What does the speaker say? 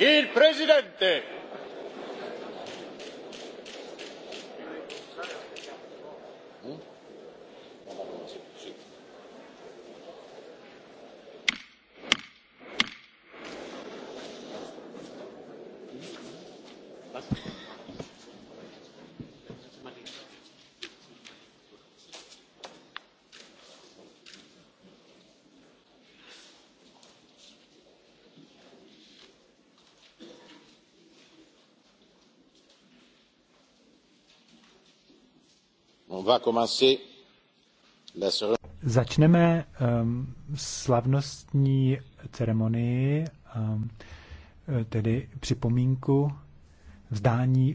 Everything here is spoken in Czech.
Il presidente! Začneme um, slavnostní ceremonii, um, tedy připomínku vzdání